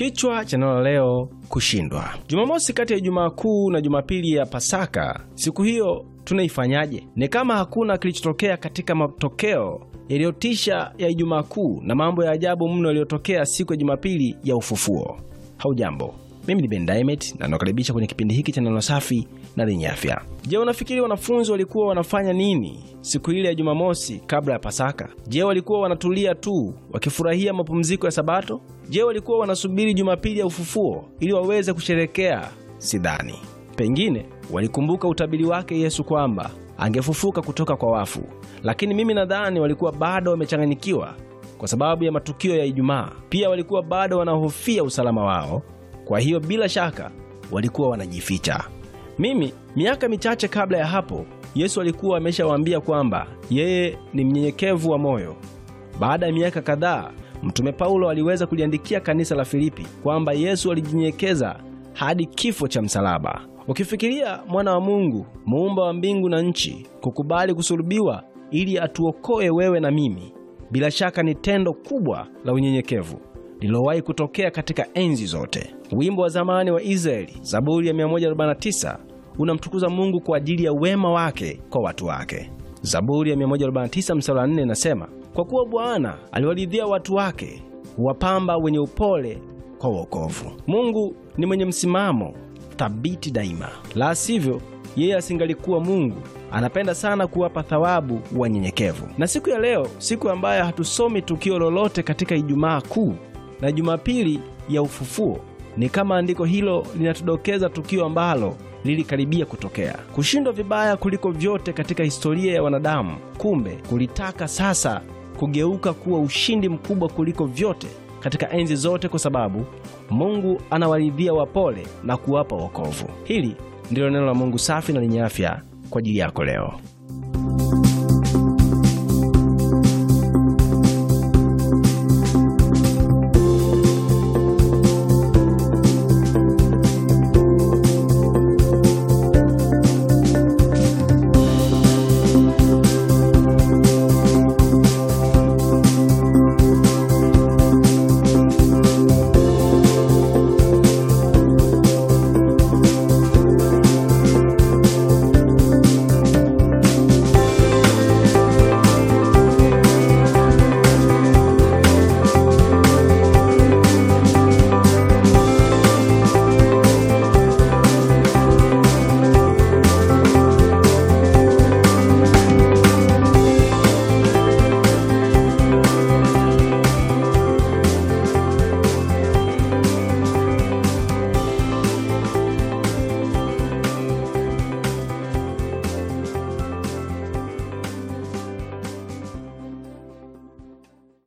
Kichwa cha neno leo kushindwa. Jumamosi kati ya Ijumaa Kuu na Jumapili ya Pasaka, siku hiyo tunaifanyaje? Ni kama hakuna kilichotokea katika matokeo yaliyotisha ya Ijumaa Kuu na mambo ya ajabu mno yaliyotokea siku ya Jumapili ya Ufufuo. Haujambo. Mimi ni Ben Diamond na nakaribisha kwenye kipindi hiki cha neno safi na lenye afya. Je, unafikiri wanafunzi walikuwa wanafanya nini siku ile ya Jumamosi kabla ya Pasaka? Je, walikuwa wanatulia tu wakifurahia mapumziko ya Sabato? Je, walikuwa wanasubiri Jumapili ya ufufuo ili waweze kusherekea? Sidhani. Pengine walikumbuka utabiri wake Yesu kwamba angefufuka kutoka kwa wafu, lakini mimi nadhani walikuwa bado wamechanganyikiwa kwa sababu ya matukio ya Ijumaa. Pia walikuwa bado wanahofia usalama wao kwa hiyo bila shaka walikuwa wanajificha. Mimi miaka michache kabla ya hapo, Yesu alikuwa ameshawaambia kwamba yeye ni mnyenyekevu wa moyo. Baada ya miaka kadhaa, mtume Paulo aliweza kuliandikia kanisa la Filipi kwamba Yesu alijinyenyekeza hadi kifo cha msalaba. Ukifikiria mwana wa Mungu, muumba wa mbingu na nchi, kukubali kusulubiwa ili atuokoe wewe na mimi, bila shaka ni tendo kubwa la unyenyekevu lililowahi kutokea katika enzi zote. Wimbo wa zamani wa Israeli, Zaburi ya 149, unamtukuza Mungu kwa ajili ya wema wake kwa watu wake. Zaburi ya 149 mstari wa 4 inasema, kwa kuwa Bwana aliwaridhia watu wake, huwapamba wenye upole kwa wokovu. Mungu ni mwenye msimamo thabiti daima, la sivyo yeye asingalikuwa Mungu. Anapenda sana kuwapa thawabu wanyenyekevu. Na siku ya leo, siku ambayo hatusomi tukio lolote katika Ijumaa Kuu, na Jumapili ya ufufuo ni kama andiko hilo linatudokeza tukio ambalo lilikaribia kutokea: kushindwa vibaya kuliko vyote katika historia ya wanadamu, kumbe kulitaka sasa kugeuka kuwa ushindi mkubwa kuliko vyote katika enzi zote, kwa sababu Mungu anawaridhia wapole na kuwapa wokovu. Hili ndilo neno la Mungu safi na lenye afya kwa ajili yako leo.